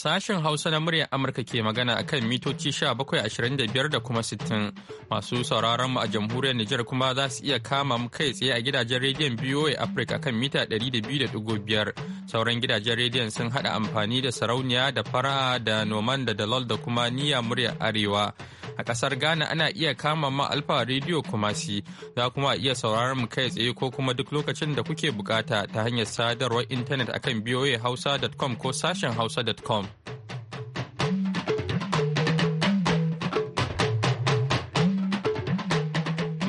Sashen Hausa na muryar Amurka ke magana a kan mitoci 1725 da kuma sittin masu sauraron mu a jamhuriyar Nijar kuma za su iya kama mu kai tsaye a gidajen rediyon BOA Africa kan mita ɗari da da 200.5 sauran gidajen rediyon sun haɗa amfani da sarauniya da fara da noman da dalol da kuma niyya muryar arewa. A ƙasar Ghana ana iya kama ma Alfa rediyo Kumasi za kuma iya sauraron mu kai tsaye ko kuma duk lokacin da kuke bukata ta hanyar sadarwar intanet akan boahausa.com ko sashen hausa.com.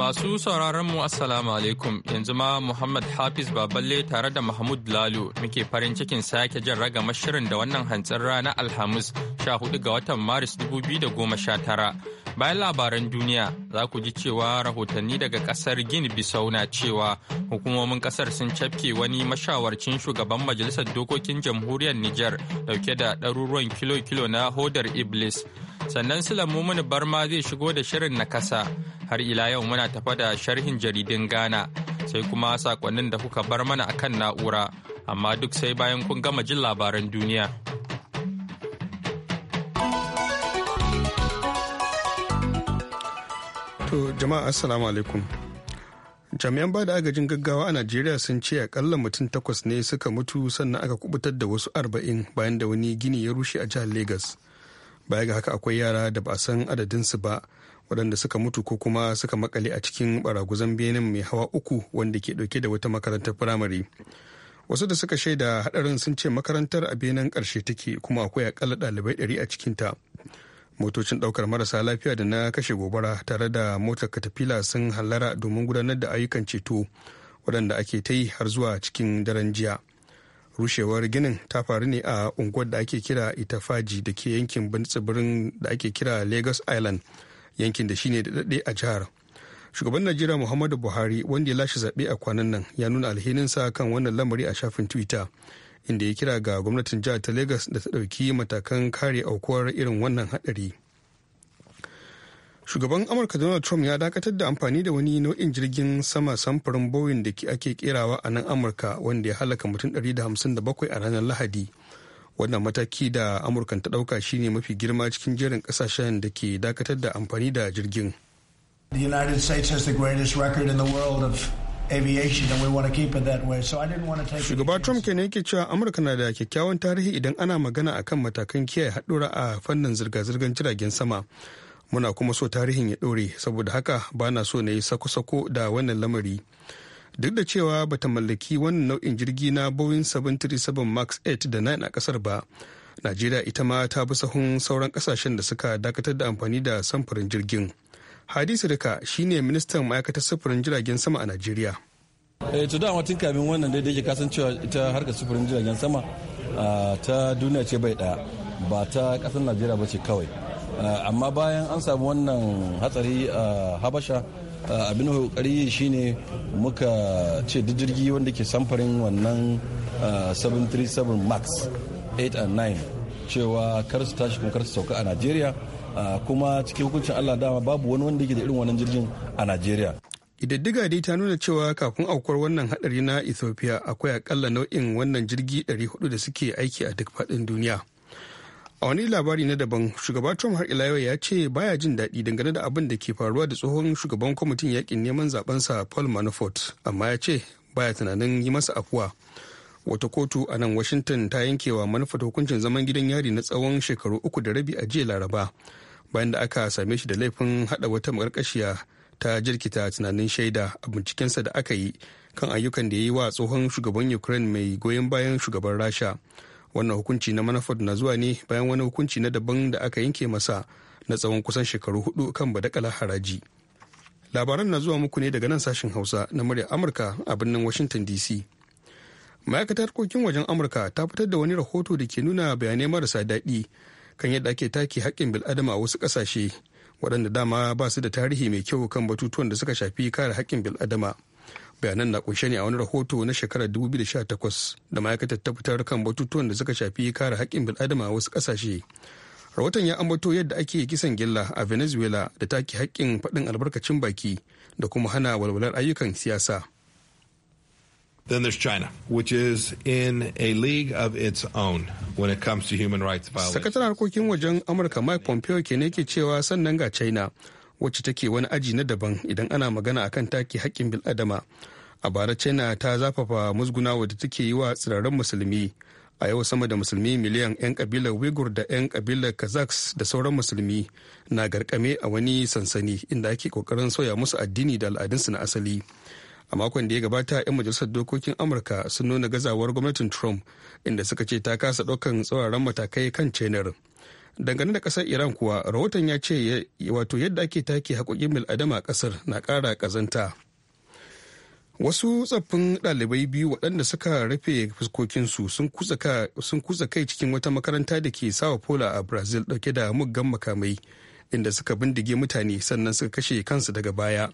Masu sauraron mu Assalamu alaikum yanzu ma Muhammad Hafiz Baballe tare da Mahmud Lalo muke farin cikin sake jin ragamar shirin da wannan hantsin rana Alhamis 14 ga watan Maris 2019. Bayan labaran duniya za ku ji cewa rahotanni daga kasar Gini Bisau na cewa hukumomin kasar sun cafke wani mashawarcin shugaban Majalisar Dokokin Jamhuriyar Nijar dauke da ɗaruruwan kilo-kilo na hodar Iblis. Sannan Sulamumin Barma zai shigo da shirin na kasa har ila yau muna tafa da sharhin jaridin Ghana sai kuma sakonnin da kuka bar mana akan na'ura amma duk sai bayan kun gama jin labaran duniya. To jama'a assalamu alaikum. Jami'an bada agajin gaggawa a Najeriya sun ce akalla mutum takwas ne suka mutu sannan aka kubutar da wasu arba'in bayan da wani gini ya rushe a jihar Legas. Baya ga haka akwai yara da ba san adadinsu ba waɗanda suka mutu ko kuma suka makale a cikin baraguzan benin mai hawa uku wanda ke ɗauke da wata makarantar firamare. wasu da suka shaida hadarin sun ce makarantar a benin karshe take kuma akwai akalla ɗalibai ɗari a cikinta motocin daukar marasa lafiya da na kashe gobara tare da motar katafila sun hallara domin gudanar da ayyukan ceto waɗanda ake ta yi har zuwa cikin daren jiya rushewar ginin ta faru ne a unguwar da ake kira itafaji da ke yankin tsibirin da ake kira lagos island yankin da shine da daɗe a jihar shugaban najeriya muhammadu buhari wanda ya lashe zaɓe a kwanan nan ya nuna alhininsa kan wannan lamari a shafin twitter inda ya kira ga gwamnatin jihar ta Legas da ta ɗauki matakan kare aukuwar irin wannan haɗari. Shugaban Amurka Donald Trump ya dakatar da amfani da wani nau'in jirgin sama samfurin Boeing da ake kerawa a nan Amurka wanda ya halaka mutum ɗari da 157 a ranar Lahadi. Wannan mataki da Amurkan ta ɗauka shine mafi girma cikin jerin kasashen da ke dakatar da amfani da jirgin. The United States has the greatest record in world of Shugaba Trump ne yake cewa Amurka na da kyakkyawan tarihi idan ana magana akan matakan kiyaye haɗura a fannin zirga-zirgar jiragen sama muna kuma so tarihin ya ɗore saboda haka ba na so na yi sako-sako da wannan lamari duk da cewa bata mallaki wannan nau'in jirgi na Boeing 737 Max 8 da 9 a kasar ba Najeriya ita ma ta bi sahun sauran kasashen da suka dakatar da amfani da samfurin jirgin. hadi duka shine ministan ma'aikatar sufurin jiragen sama a najeriya eh to da tun kamin wannan dai da yake kasancewa ita harkar sufurin jiragen sama ta duniya ce bai daya ba ta kasar najeriya ba ce kawai amma bayan an samu wannan hatsari a habasha abin kokari shine muka ce duk jirgi wanda ke samfarin wannan 737 max 8 and 9 cewa kar su tashi kuma kar su sauka a najeriya Ah, kuma cikin hukuncin allah dama babu wani wanda yake da irin wannan jirgin a najeriya idaddiga dai ta nuna cewa kafin aukuwar wannan hadari na ethiopia akwai akalla nau'in wannan jirgi 400 da suke aiki a duk faɗin duniya a wani labari na daban shugaba trump har ila ya ce baya jin daɗi dangane da abin da ke faruwa da tsohon shugaban kwamitin yakin neman sa paul manafort amma ya ce baya tunanin yi masa afuwa wata kotu a nan washington ta yankewa manufar hukuncin zaman gidan yari na tsawon shekaru uku da rabi a jiya laraba bayan da aka same shi da laifin hada wata makarkashiya ta jirkita tunanin shaida a bincikensa da aka yi kan ayyukan da ya yi wa tsohon shugaban ukraine mai goyon bayan shugaban rasha wannan hukunci na manafort na zuwa ne bayan wani hukunci na daban da aka yanke masa na tsawon kusan shekaru hudu kan badakala haraji labaran na zuwa muku ne daga nan sashen hausa na murya amurka a birnin washington dc ma'aikatar harkokin wajen amurka ta fitar da wani rahoto da ke nuna bayanai marasa daɗi kan yadda ake take haƙƙin bil'adama a wasu ƙasashe waɗanda dama ba su da tarihi mai kyau kan batutuwan da suka shafi kare haƙƙin bil'adama bayanan na kunshe ne a wani rahoto na shekarar 2018 da ma'aikatar ta fitar kan batutuwan da suka shafi kare haƙƙin bil'adama a wasu ƙasashe rahoton ya ambato yadda ake kisan gilla a venezuela da take haƙƙin faɗin albarkacin baki da kuma hana walwalar ayyukan siyasa Then there's China, which is in a league of its own when it comes to human rights violations. Sakataren harkokin wajen Amurka Mike Pompeo ke ne ke cewa sannan ga China, wacce take wani aji na daban idan ana magana akan take haƙƙin bil'adama. A bara China ta zafafa musguna wadda take yi wa tsirarren musulmi. A yau sama da musulmi miliyan 'yan kabilar Uyghur da 'yan kabilar Kazakhs da sauran musulmi na garkame a wani sansani inda ake kokarin soya musu addini da al'adunsu na asali. a makon da ya gabata 'yan majalisar dokokin amurka sun nuna gazawar gwamnatin trump inda suka ce ta kasa ɗaukan tsauraran matakai kan cenar dangane da ƙasar iran kuwa rahoton ya ce wato yadda ake take haƙoƙin mil'adama a ƙasar na kara ƙazanta wasu tsaffin ɗalibai biyu waɗanda suka rufe fuskokinsu sun kutsa kai cikin wata makaranta da ke sawa pola a brazil ɗauke da muggan makamai inda suka bindige mutane sannan suka kashe kansu daga baya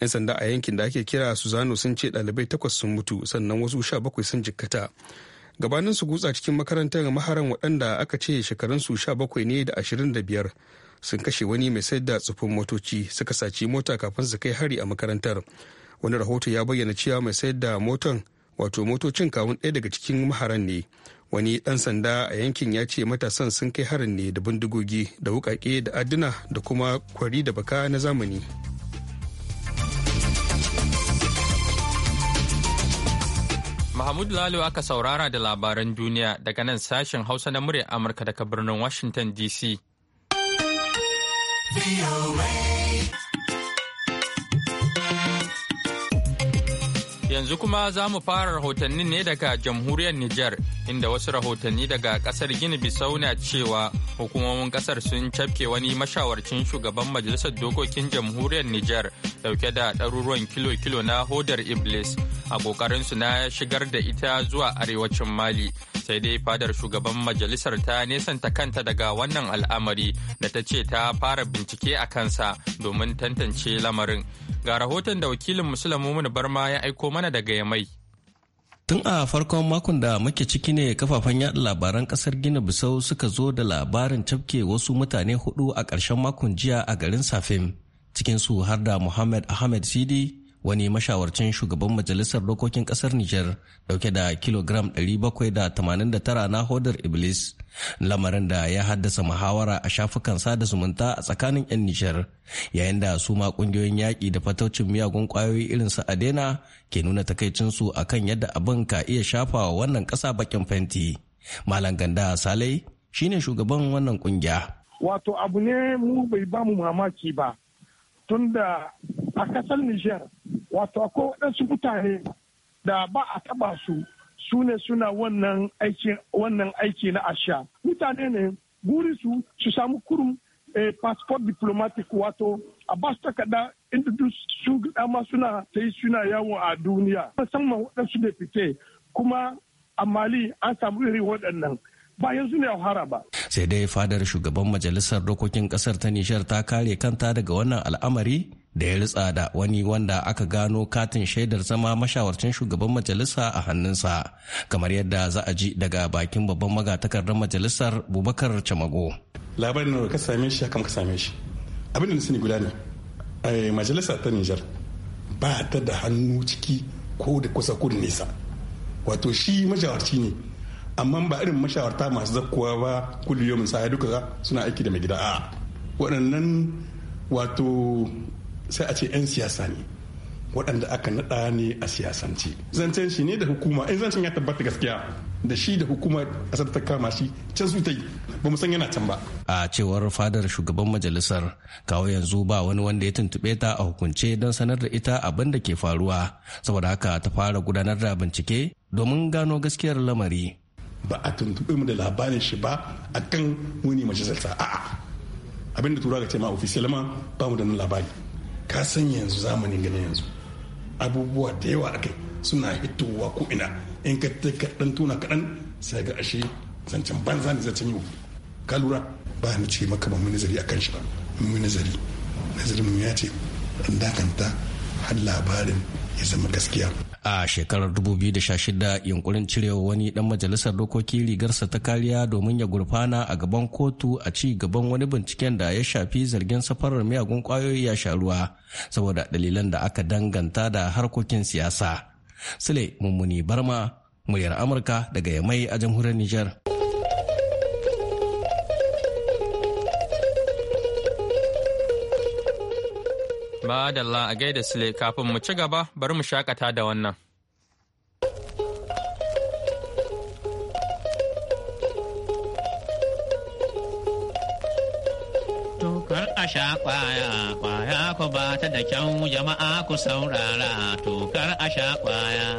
'yan sanda a yankin da ake kira suzano sun ce ɗalibai takwas sun mutu sannan wasu sha bakwai sun jikkata gabanin su gutsa cikin makarantar maharan waɗanda aka ce shekarunsu sha bakwai ne da ashirin da biyar sun kashe wani mai sayar da tsufin motoci suka saci mota kafin su kai hari a makarantar wani rahoto ya bayyana cewa mai sayar da motan wato motocin kawun ɗaya daga cikin maharan ne wani ɗan sanda a yankin ya ce matasan sun kai harin ne da bindigogi da wuƙaƙe da adduna da kuma kwari da baka na zamani. Mahmud Lalo aka saurara da labaran duniya daga nan sashen Hausa na muryar Amurka daga birnin Washington DC. Yanzu kuma za mu fara rahotanni ne daga jamhuriyar Nijar, inda wasu rahotanni daga ƙasar Gini Bisau na cewa hukumomin kasar sun cafke wani mashawarcin shugaban majalisar dokokin jamhuriyar Nijar dauke da ɗaruruwan kilo-kilo na hodar Iblis a ƙoƙarinsu na shigar da ita zuwa arewacin Mali. Sai dai fadar shugaban majalisar ta nesanta kanta daga wannan al'amari da ta ce ta fara bincike a kansa domin tantance lamarin. Ga rahoton da wakilin Musulun Barma ya aiko mana daga Yamai. Tun a farkon makon da muke ciki ne kafafen yada labaran kasar Gina Bisau suka zo da labarin cafke wasu mutane hudu a ƙarshen makon jiya a garin Safim, cikinsu har da Muhammad Ahmed Sidi wani mashawarcin shugaban majalisar dokokin kasar Nijar dauke da kilogram 789 na hodar Iblis, lamarin da ya haddasa muhawara a shafukan sada zumunta a tsakanin 'yan Nijar, yayin da su ma kungiyoyin yaƙi da fataucin miyagun ƙwayoyi irin su Adena ke nuna takaicinsu a kan yadda abin ka iya shafa wa wannan ƙasa bakin fenti. Malam Ganda Salai shine shugaban wannan ƙungiya. Wato abu ne mu bai bamu mamaki ba, tunda a kasar Nijar wato akwai waɗansu mutane da ba a taba su sune suna wannan aiki wannan aiki na asha mutane ne guri su su samu kurum eh, passport diplomatic wato a ba su takarda inda su dama suna ta suna yawo a duniya musamman waɗansu da fite kuma a mali an samu irin waɗannan bayan yanzu ne a ba. sai dai fadar shugaban majalisar dokokin kasar ta nishar ta kare kanta daga wannan al'amari da ya ritsa da wani wanda aka gano katin shaidar zama mashawarcin shugaban majalisa a hannunsa kamar yadda za a ji daga bakin babban magatakardar majalisar bubakar camago labarin da ka same shi haka ka same shi abin da sani guda ne eh, majalisa ta nijar ba ta da hannu ciki ko da kusa ko da nesa wato shi mashawarci ne amma ba irin mashawarta masu zakkuwa ba kulliyomin sa duka suna aiki da mai gida a waɗannan wato sai a ce 'yan siyasa ne waɗanda aka naɗa ne a siyasance zancen shi ne da hukuma in zancen ya tabbata gaskiya da shi da hukuma ƙasar ta kama shi can su ta yi ba san yana can ba a cewar fadar shugaban majalisar kawo yanzu ba wani wanda ya tuntuɓe ta a hukunce don sanar da ita abin da ke faruwa saboda haka ta fara gudanar da bincike domin gano gaskiyar lamari ba a tuntuɓe mu da labarin shi ba a kan wani majalisar a'a abin da turawa ga ce ma ofisiyal ma ba mu da labari ka san yanzu zamanin gani yanzu abubuwa da yawa aka suna hitowa ko ina in ka kaɗan tuna kaɗan sai ga ashe zancen banza ne zancen yau ka lura ba ni ce maka ba mu nazari akan shi ba mu nazari nazarin mu ya ce dan dakanta har labarin ya zama gaskiya a shekarar 2016 yunkurin cirewa wani dan majalisar dokoki rigarsa ta kariya domin ya gurfana a gaban kotu a ci gaban wani binciken da ya shafi zargin safarar miyagun kwayoyi ya sha ruwa saboda dalilan da aka danganta da harkokin siyasa sule mummuni barma muryar amurka daga yamai a jamhuriyar Nijar. Madalla a gaida sile kafin mu ci gaba bari mu shakata da wannan. Tukar a sha kwaya, kwaya ku ba ta da kyau jama'a ku saurara, tukar a sha kwaya.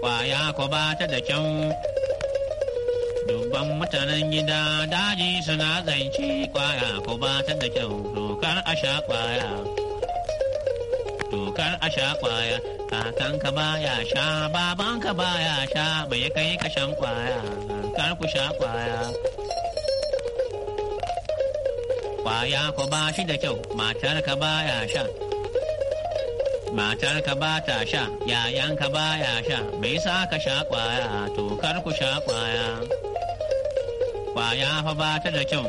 Kwaya ku ba ta da kyau babban mutanen gida daji suna zance kwaya ko ba ta da kyau dokar a sha kwaya. Dokar a sha kwaya, ka baya sha, babanka baya sha, bai kai ka shan kwaya, kar ku sha kwaya. Kwaya ko ba shi da kyau, matar ba baya sha. matar ka ba ta sha yayan ka ba ya sha me yasa ka sha kwaya to kar ku sha kwaya kwaya fa ba ta da kyau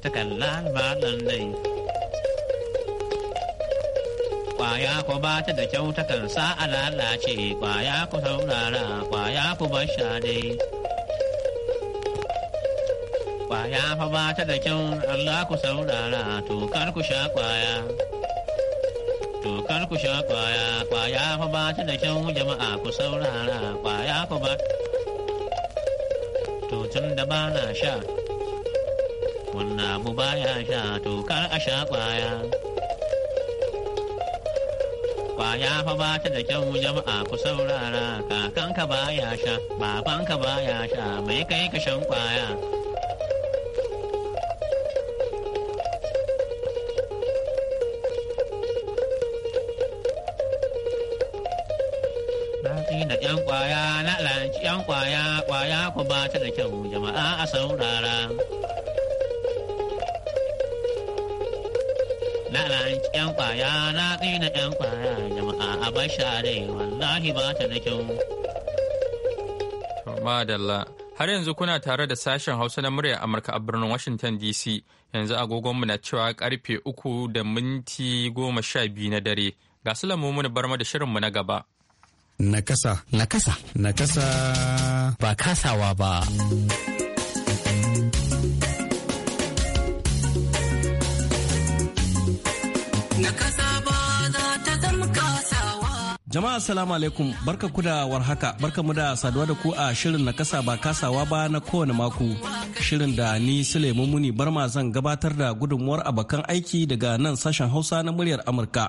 ta takan lalbaɗan dai kwaya ku ba ta da kyau ta kan sa a lalace kwaya ku saurara kwaya ku basha dai kwaya fa ba ta da kyau Allah ku saurara to kar ku sha kwaya to kar ku sha kwaya kwaya fa ba ta da kyau jama'a ku saurara kwaya ku ba ta to tun da ba na sha wannan abu baya sha to kar a sha kwaya kwaya fa ba ta da kyau jama'a ku saurara kakanka baya sha babanka baya sha mai kai ka shan kwaya Lalan ƴan kwaya na tsina ƴan kwaya jama'a a basha dai wallahi ba ta da kyau. Madalla. Har yanzu kuna tare da sashen Hausa na murya Amurka a birnin Washington DC yanzu agogonmu na cewa karfe uku da minti goma sha biyu na dare. Ga su bar barma da shirinmu na gaba. Nakasa. Nakasa. Nakasa. Ba kasawa ba. Jama'a salamu alaikum barka ku da warhaka barka mu da saduwa da ku a shirin na kasa ba kasawa ba na kowane mako shirin da ni Suleiman Muni Barma zan gabatar da gudunmuwar abokan aiki daga nan sashen Hausa na muryar Amurka.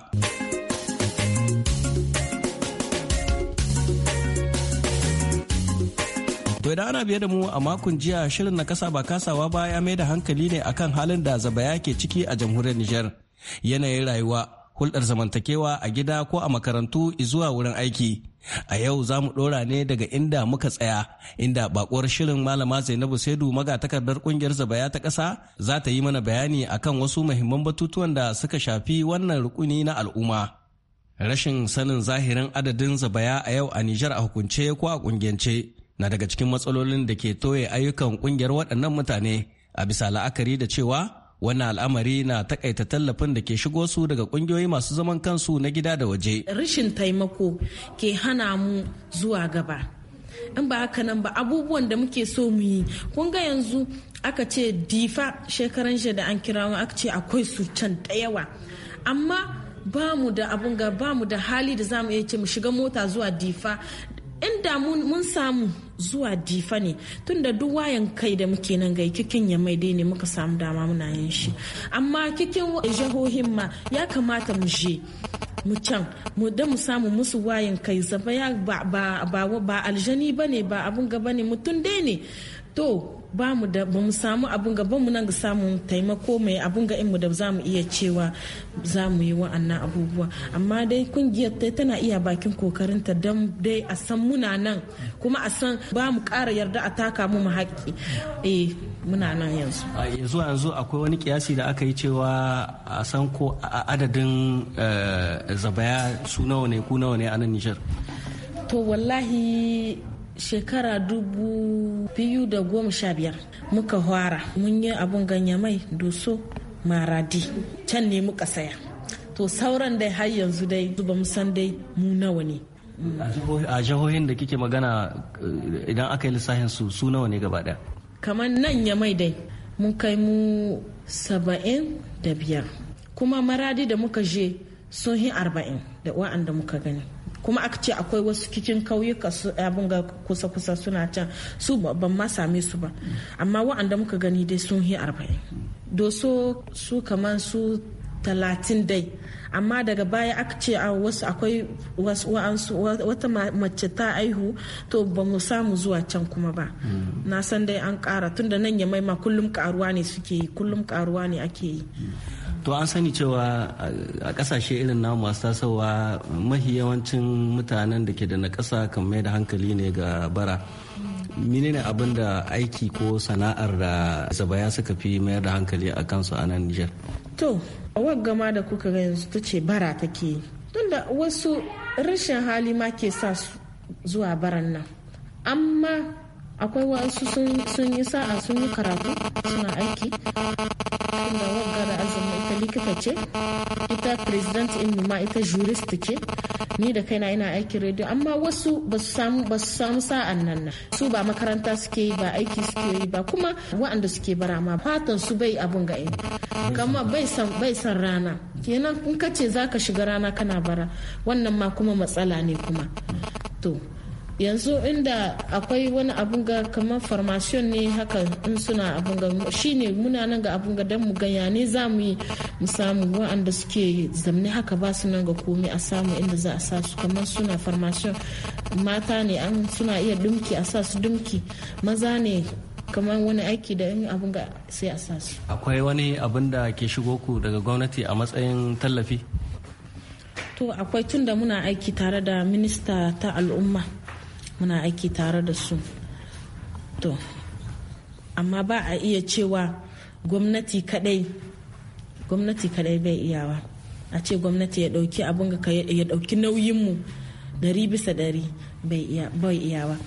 To idan ana biye da mu a makon jiya shirin na kasa ba kasawa ba ya mai da hankali ne akan halin da zabaya ke ciki a jamhuriyar Nijar. yanayin rayuwa hulɗar zamantakewa a gida ko a makarantu zuwa wurin aiki a yau za mu ɗora ne daga inda muka tsaya inda bakuwar shirin malama zainabu saidu magatakardar kungiyar zabaya ta ƙasa za ta yi mana bayani akan wasu mahimman batutuwan da suka shafi wannan rukuni na al'umma rashin sanin zahirin adadin zabaya a yau a nijar a hukunce ko a kungiyance na daga cikin matsalolin da ke toye ayyukan kungiyar waɗannan mutane a bisa la'akari da cewa wannan al'amari na takaita tallafin da ke shigo su daga kungiyoyi masu zaman kansu na gida da waje rashin taimako ke hana mu zuwa gaba in ba haka nan ba abubuwan da muke so mu yi kun ga yanzu aka ce difa shekaran shi da an kira aka ce akwai su can da yawa amma ba mu da abun ga ba mu da hali da za mu iya ce mu shiga mota zuwa difa inda mun samu zuwa difa ne tunda duk wayan kai da muke nan gai kikin ya mai ne muka samu dama muna yin shi amma kikin jihohin ma ya kamata mu je mu can mu da mu samu musu wayan kai zaba ya ba aljani ne ba abun gaba ne mutum dai ne to ba mu da ba mu samu abun ga mu nan ga samun taimako mai abun ga mu da za mu iya cewa za mu yi wa'annan abubuwa amma dai kungiyar ta tana iya bakin kokarinta don dai a san muna nan kuma a san ba mu kara yarda a taka mu mu haƙƙi eh muna nan yanzu yanzu yanzu akwai wani kiyasi da aka yi cewa a san ko adadin eh, zabaya su nawa ne ku nawa ne a nan Nijar to wallahi shekara dubu biyu da goma sha biyar muka hwara mun yi abun ganye mai doso maradi can ne muka saya to sauran dai har yanzu dai Zuba mu san dai mu nawa ne a jihohin da kike magana eh, idan aka yi lissafin su su nawa ne gaba daya kamar nan ya mai dai mun kai mu saba'in da biyar kuma maradi da muka je sun hin arba'in da wa'anda muka gani kuma aka ce akwai wasu cikin kauyuka abin ga kusa-kusa suna can su ban ma same su ba amma wa'anda muka gani dai sun yi arba'in doso su kamar su talatin dai amma daga baya aka ce a wasu akwai wata mace ta aihu to ba mu samu zuwa can kuma ba na san dai an kara tunda nan ya maima kullum karuwa ne suke yi kullum karuwa ne ake yi to an sani cewa a kasashe irin namu masu tasowa mahi yawancin mutanen da ke da nakasa kan mai da hankali ne ga bara ne abin da aiki ko sana'ar da zabaya suka fi mayar da hankali a kansu a nan nijar to gama da kuka ga yanzu ta ce bara take tunda wasu rashin hali ma ke sa zuwa baran nan amma akwai wasu sun yi sa'a sun yi karatu suna aiki tunda wagga da likita ce ita president in ma ita jurist ce ni da kaina ina aikin radio amma wasu ba su samu ba su samu sa'an nan su ba makaranta suke yi ba aiki suke yi ba kuma waɗanda suke bara ma fatan su bai abun ga kama bai san bai san rana kenan in ka ce zaka shiga rana kana bara wannan ma kuma matsala ne kuma to yanzu inda akwai wani abun ga kamar farmasiyon ne haka in suna abun ga shi ne muna nan ga abun ga dan mu ganya ne za mu yi mu samu wa'anda suke zamne haka ba su nan ga komai a samu inda za a sa su kamar suna farmasiyon mata ne an suna iya dumki a sa su dumki maza ne kamar wani aiki da yin abun ga sai a sa su akwai wani abun da ke shigo ku daga gwamnati a matsayin tallafi to akwai tun da muna aiki tare da minista ta al'umma muna aiki tare da su to amma ba a iya cewa gwamnati kadai gwamnati kadai bai iyawa a ce gwamnati ya dauki abin ga ya dauki nauyinmu dari bisa dari bai iyawa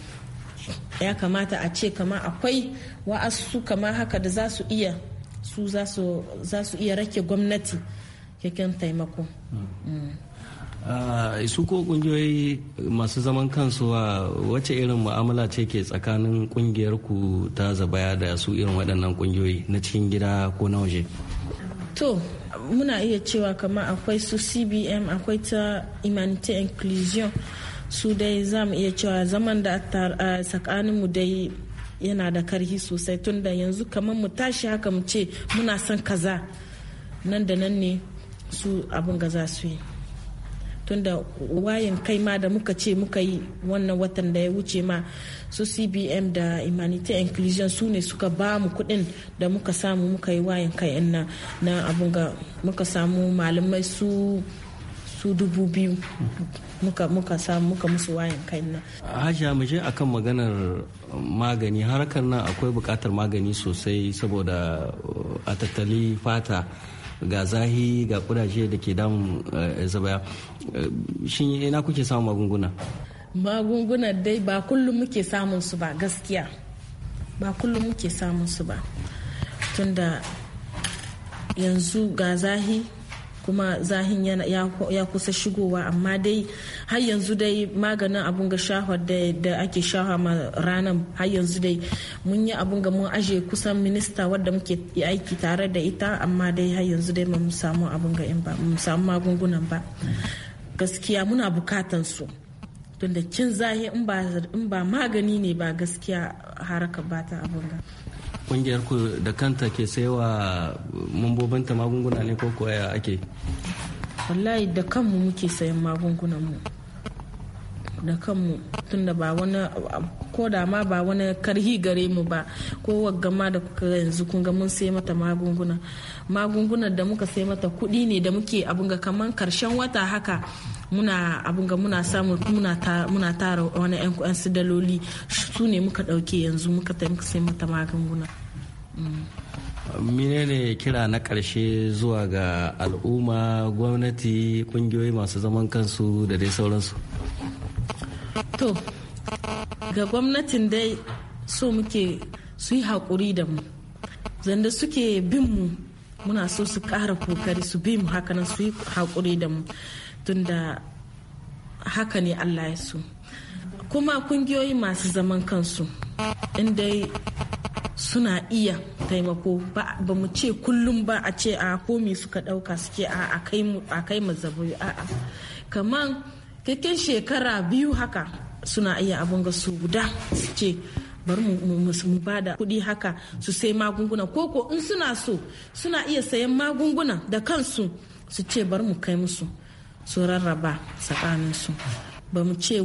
ya kamata a ce kama akwai wa'asu kama haka da za su iya su za su iya rake gwamnati kyakkyan taimako. Hmm. Hmm. Ah, su ko kungiyoyi masu zaman kansu wa wace irin mu'amala ce ke tsakanin kungiyar ku ta zabaya da su irin waɗannan kungiyoyi na cikin gida ko na waje to muna iya cewa kamar akwai su cbm akwai ta humanity inclusion su dai za mu iya cewa zaman da ah, tsakanin mu dai yana da karhi sosai tun da yanzu kamar mu tashi haka mu ce muna son kaza nan da nan ne su abin gaza za su yi tunda wayan kai ma da muka ce muka yi wannan watan da ya wuce ma su cbm da humanity inclusion su ne suka ba mu kudin da muka samu muka yi wayan kai na na abin ga muka samu malamai su su dubu biyu muka muka samu muka musu wayan kai na hajiya mu akan maganar magani harkar nan akwai bukatar magani sosai saboda uh, a tattali fata ga zahi ga kudaje da ke damun eh, zabaya eh, shin ina kuke samun magunguna magunguna dai ba kullum muke samun su ba gaskiya ba kullum muke samun su ba tunda yanzu ga zahi kuma zahin ya kusa shigowa amma dai har yanzu dai maganin abun ga shahwa da ake shahwa ma ranar har yanzu dai mun yi abun ga mun aje kusan minista wadda muke aiki tare da ita amma dai har yanzu dai mun samu abun ga ba mun samu magungunan ba gaskiya muna bukatan su tunda kin zahi in ba magani ne ba gaskiya haraka ba ta abun ga kungiyar ku da kanta ke saiwa mambobinta magunguna ne ko kuwa ake wallahi da kanmu muke sayan magungunan mu da kanmu tunda ba wani ko da ma ba wani karhi gare mu ba ko gama da kuka yanzu kun ga mun sai mata magunguna magungunan da muka sai mata kuɗi ne da muke abun ga kaman karshen wata haka muna abun ga muna samu muna tara wani 'yan su daloli su ne muka ɗauke yanzu muka sai mata magunguna menene kira na ƙarshe zuwa ga al'umma gwamnati kungiyoyi masu zaman kansu da dai sauransu to ga gwamnatin dai so muke su yi haƙuri da mu zanda suke bin mu muna so su ƙara kokari su bi mu hakanan su yi haƙuri da mu tunda haka ne allah ya so kuma ƙungiyoyi masu zaman kansu inda suna iya taimako ba mu ce kullum ba a ce a komi suka dauka suke a kai mu zabi a'a kamar kakken shekara biyu haka suna iya abin ga su guda su ce bari mu ba da kudi haka su sai magunguna ko in suna so suna iya sayan magunguna da kansu su ce bar mu kai musu su rarraba tsakaninsu ba mu ce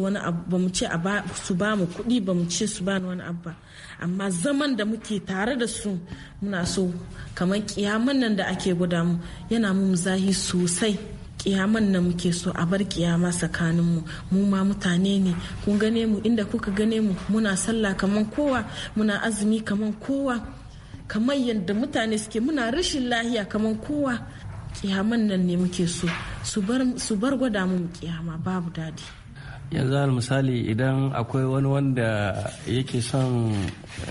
su ba mu kuɗi ba mu ce su ba wani abu ba amma zaman da muke tare da su muna so kamar kiyaman nan da ake guda mu yana mu zahi sosai kiyaman nan muke so a bar kiyama tsakanin mu mu ma mutane ne kun gane mu inda kuka gane mu muna sallah kamar kowa muna azumi kamar kowa kamar yadda mutane suke muna rashin lahiya kamar kowa kiyaman nan ne muke so su bar gwada mu kiyama babu dadi yanzu al misali idan akwai wani wanda yake son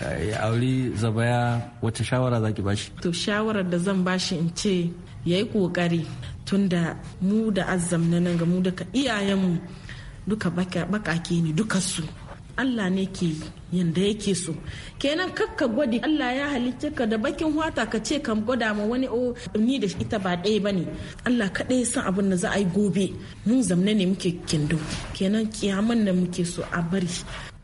eh, ya auri zabaya wace shawara zaki bashi to shawarar da zan bashi in ce ya yi kokari tunda mu da azam na nan ga mu daga iyayenmu duka bakake ne duka su Allah ne ke yi yanda yake so kenan kakka gwadi Allah ya halitta ka da bakin hwata ka ce kan gwada ma wani o oh, ni da ita ba ɗaya ba ne. Allah kaɗai san abin da za a yi gobe mun zamne ne muke kindo kenan kiyaman da muke so a bari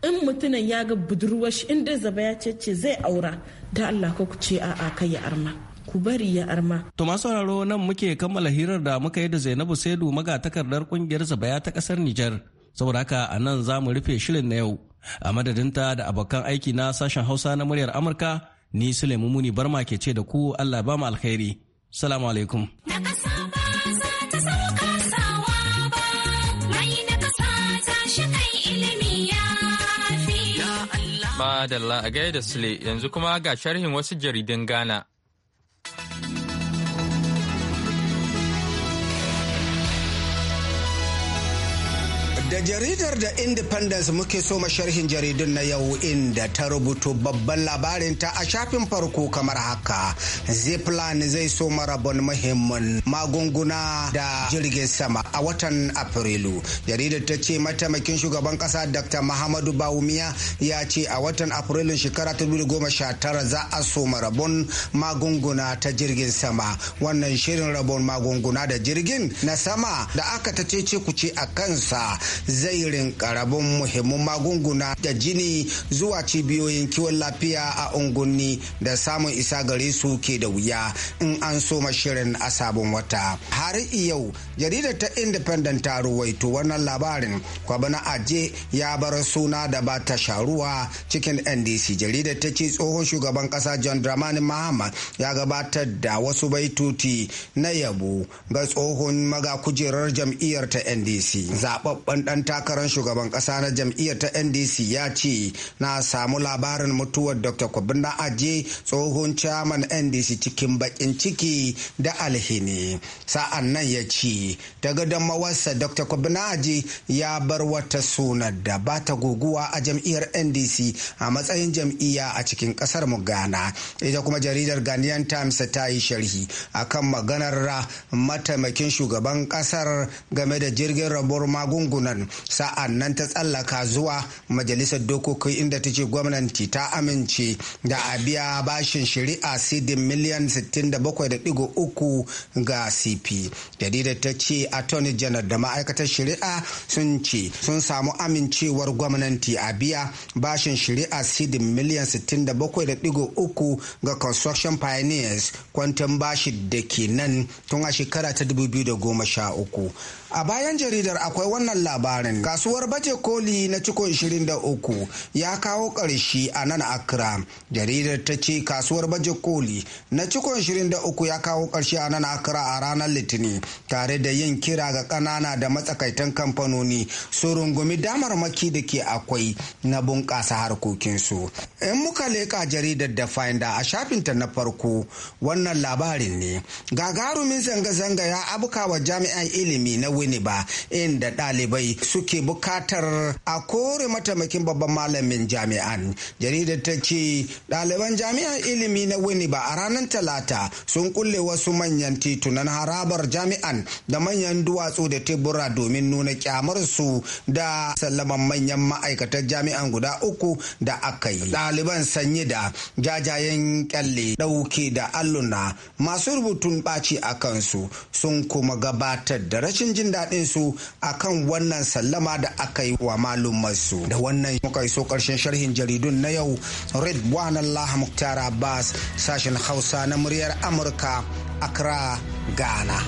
in mutumin ya ga budurwar shi inda zaba ya cece zai aura da Allah ka ku ce a'a kai ya arma ku bari ya arma. To masu nan muke kammala hirar da muka yi da Zainabu Saidu magatakardar kungiyar zabaya ta kasar Nijar saboda haka a nan za mu rufe shirin na yau a madadinta da abokan aiki na sashen hausa na muryar amurka ni sulaimu muni barma ke ce da ku allah ba mu alkhairi salamu alaikum Madalla a gaida Sule yanzu kuma ga sharhin wasu jaridan Ghana. Da jaridar da Independence muke so sharhin jaridun na yau inda ta rubuto babban labarin ta a shafin farko kamar haka. Ziplan zai so marabon muhimmin magunguna da jirgin sama a watan Afrilu. Jaridar ta ce mataimakin shugaban kasa Dr. Muhammadu Bawumiya ya ce a watan Afrilun shekara ta tara za a so marabon magunguna ta jirgin sama. Wannan shirin rabon magunguna da jirgin na sama da aka ta ce ku ce a kansa zai rinkarabin muhimmin muhimman magunguna da jini zuwa cibiyoyin kiwon lafiya a unguwanni da samun isa gare su ke da wuya in an so shirin a sabon wata har yau jaridar ta independent ta ruwaito wannan labarin kwabana aje ya bar suna da ba ta sharuwa cikin ndc jaridar ta ce tsohon shugaban kasa john dramani mahama ya gabatar da wasu baituti na yabo ga tsohon maga kujerar jam'iyyar ta ndc zababben dan takarar shugaban ƙasa na jam'iyyar ta ndc ya ce na samu labarin mutuwar dr kwabina aje tsohon chairman ndc cikin bakin ciki da alhini sa'an nan ya ce daga don mawarsa dr kwabina aje ya bar wata sunar da ba ta guguwa a jam'iyyar ndc a matsayin jam'iyya a cikin ƙasar mu ghana ita kuma jaridar ghanaian times ta yi sharhi akan maganar mataimakin shugaban ƙasar game da jirgin rabuwar magungunan London sa'an nan ta tsallaka zuwa majalisar dokoki inda ta ce gwamnati ta amince da a biya bashin shari'a sidin miliyan 67.3 ga CP. Jaridar ta ce Attorney General da ma'aikatar shari'a sun ce sun samu amincewar gwamnati a biya bashin shari'a sidin miliyan 67.3 ga Construction Pioneers kwantan bashi da ke nan tun a shekara ta 2013. A bayan jaridar akwai wannan labarin kasuwar baje koli na ciko 23 ya kawo ƙarshe a nan Accra. Jaridar ta ce kasuwar baje koli na ciko 23 ya kawo ƙarshe a nan Accra a ranar litini. tare da yin kira ga ƙanana da matsakaitan kamfanoni su rungumi damarmaki da ke akwai na bunƙasa harkokinsu. In muka leƙa jaridar da Finder a shafinta na farko wannan labarin ne. Gagarumin zanga-zanga ya abuka wa jami'an ilimi na ne ba inda ɗalibai suke bukatar a kore mataimakin babban malamin jami'an jaridar ta ce ɗaliban jami'an ilimi na winiba ba a ranar talata sun kulle wasu manyan titunan harabar jami'an da manyan duwatsu da tebura domin nuna su da sallaman manyan ma'aikatan jami'an guda uku da aka yi ɗaliban sanye da jajayen kyalle ɗauke da alluna masu rubutun ɓaci a kansu sun kuma gabatar da rashin jin daɗin su kan wannan sallama da aka yi wa malumarsu su da wannan muka iso karshen sharhin jaridun na yau red one Allah Muktar Abbas sashen Hausa na muryar Amurka Accra Ghana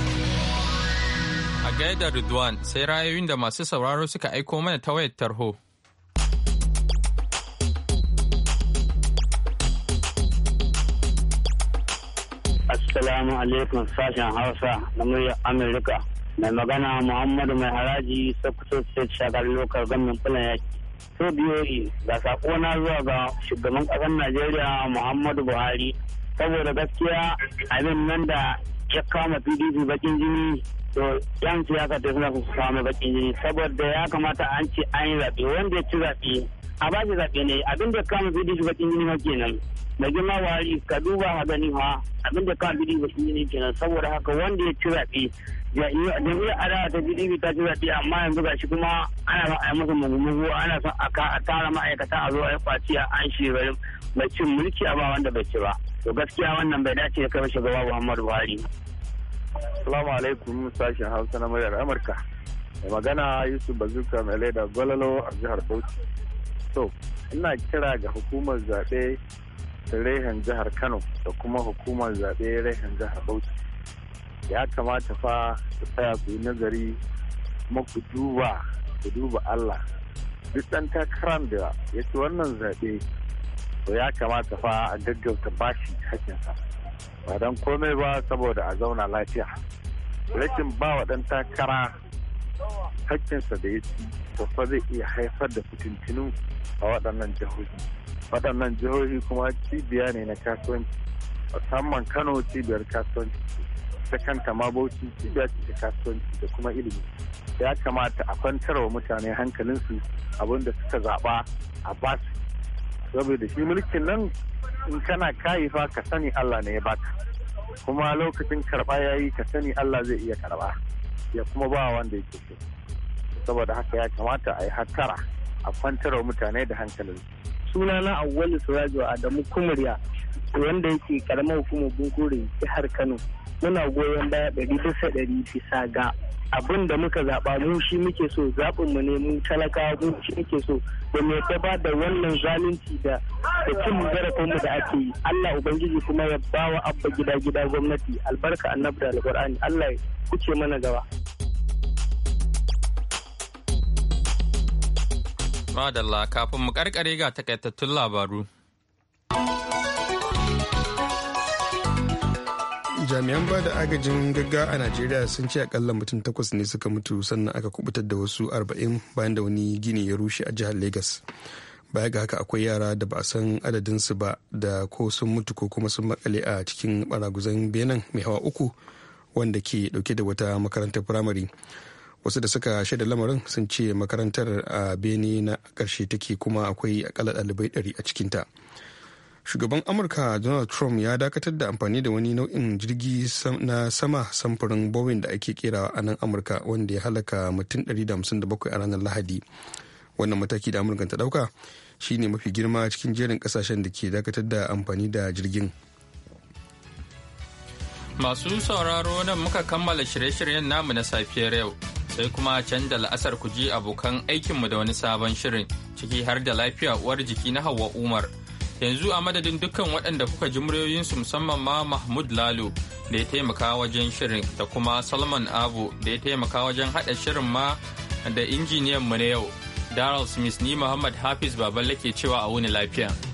A gaida Ridwan sai rayoyin da masu sauraro suka aiko mana ta wayar tarho Assalamu alaikum sashen Hausa na murya Amurka. mai magana muhammadu mai haraji sokoto state shagar lokar gwamnan fulan yaki so biyoyi ga sako na zuwa ga shugaban ƙasar najeriya muhammadu buhari saboda gaskiya abin nan da ya kama pdp bakin jini to yan siyasa ta suna su kama bakin jini saboda ya kamata an ce an yi zaɓe wanda ya ci zaɓe a ba shi zaɓe ne abin da kama pdp bakin jini ma kenan da girma wari ka duba ha gani ha abin da kama pdp bakin jini kenan saboda haka wanda ya ci zaɓe a adawa ta pdp ta ji zaɓe amma yanzu ga shi kuma ana son a yi masa mugu ana son a tara ma'aikata a zo a yi kwaci a an shi cin mulki a ba wanda bai ci ba to gaskiya wannan bai dace ya kai shugaba muhammadu buhari Salamu alaikum sashen Hausa na muryar Amurka. Da magana Yusuf Bazuka mai laida Gwalalo a jihar Bauchi. To, ina kira ga hukumar zaɓe rehen jihar Kano da kuma hukumar zaɓe rehen jihar Bauchi. ya kamata fa su tsaya ku yi nazari kuma ku duba ku duba Allah duk ɗan takarar da ya ci wannan zaɓe to ya kamata fa a gaggauta bashi hakinsa ba don komai ba saboda a zauna lafiya rashin ba wa ɗan takara hakkinsa da ya ci to fa zai iya haifar da fitintinu a waɗannan jihohi waɗannan jihohi kuma cibiya ne na kasuwanci musamman kano cibiyar kasuwanci ita kanta ma bauchi cibiya ce kasuwanci da kuma ilimi ya kamata a kwantar wa mutane hankalinsu abun da suka zaɓa a basu saboda shi mulkin nan in kana fa ka sani allah ne ya baka kuma lokacin karba ya yi ka sani allah zai iya karɓa ya kuma ba wanda yake so saboda haka ya kamata a yi hattara a kwantar wa mutane da hankalinsu sunana awwalu surajo adamu kumurya wanda yake karamar hukumar bunkure jihar kano muna goyon baya ɗari bisa ɗari bisa ga abin da muka zaɓa mu shi muke so zaɓin mu ne mu talakawa mu shi muke so da mai ta ba da wannan zalunci da da cin zarafin mu da ake yi Allah ubangiji kuma ya bawa abba gida gida gwamnati albarka annabi da alqur'ani Allah ya kuce mana gaba Madalla kafin mu karkare ga takaitattun labaru jami'an ba da agajin gagga a najeriya sun ce akalla mutum takwas ne suka mutu sannan aka kubutar da wasu arba'in bayan da wani gini ya rushe a jihar lagos baya ga haka akwai yara da ba a san su ba da ko sun mutu ko kuma sun makale a cikin baraguzan benin mai hawa uku wanda ke dauke da wata makarantar firamare wasu da suka shaida lamarin sun ce makarantar a bene na karshe take kuma akwai akalla ɗalibai ɗari a cikinta. shugaban amurka donald trump ya dakatar da amfani da wani nau'in jirgi na sama samfurin boeing da ake kerawa a nan amurka wanda ya halaka mutum 157 a ranar lahadi wannan mataki da amurka ta dauka shine mafi girma cikin jerin kasashen da ke dakatar da amfani da jirgin masu sauraro nan muka kammala shirye-shiryen namu na safiyar yau sai kuma canza la'asar ku ji abokan aikinmu da wani sabon shirin ciki har da lafiya uwar jiki na hawa umar yanzu a madadin dukkan waɗanda kuka ji muryoyinsu musamman ma mahmud lalo da ya taimaka wajen shirin da kuma salman abu da ya taimaka wajen haɗa shirin ma da injiniyan mu na yau daryl smith ni muhammad hafiz baballe ke cewa a wuni lafiya